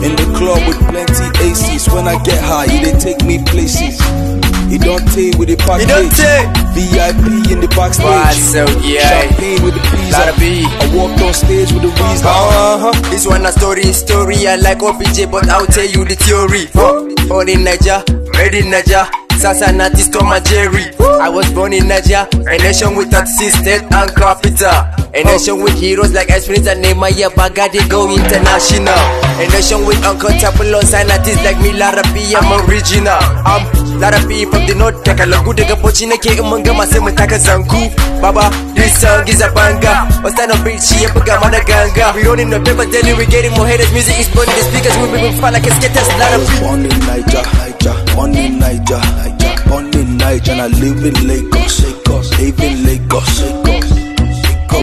In the club with plenty aces. When I get high, they take me places. He don't take with the package. He don't take. VIP in the backstage. Why, so yeah. Champagne with the peas. Gotta be. I walked on stage with the reason. Uh-huh. This one a story, story. I like OPJ, but I'll tell you the theory. Huh. On in Niger, made in Niger. Sassanatis, Tom and Jerry. I was born in Niger, a nation with assisted and capital. A oh. nation with heroes like Esprints and Neymar, Bagadi go international. A nation with uncontable laws and artists like me, Lara B, I'm original. I'm Lara B from the north, take a look good daga boci nake in them gama sai mu taka zanku. Baba, this song is a banger. What's that on beat? She buga mana ganga. We running the paper daily, we getting more haters. Music is burning the speakers, we them fall like a skaters. Lara B. Born in Niger, Niger, born in Niger, Niger, born in Niger, and I live in Lagos.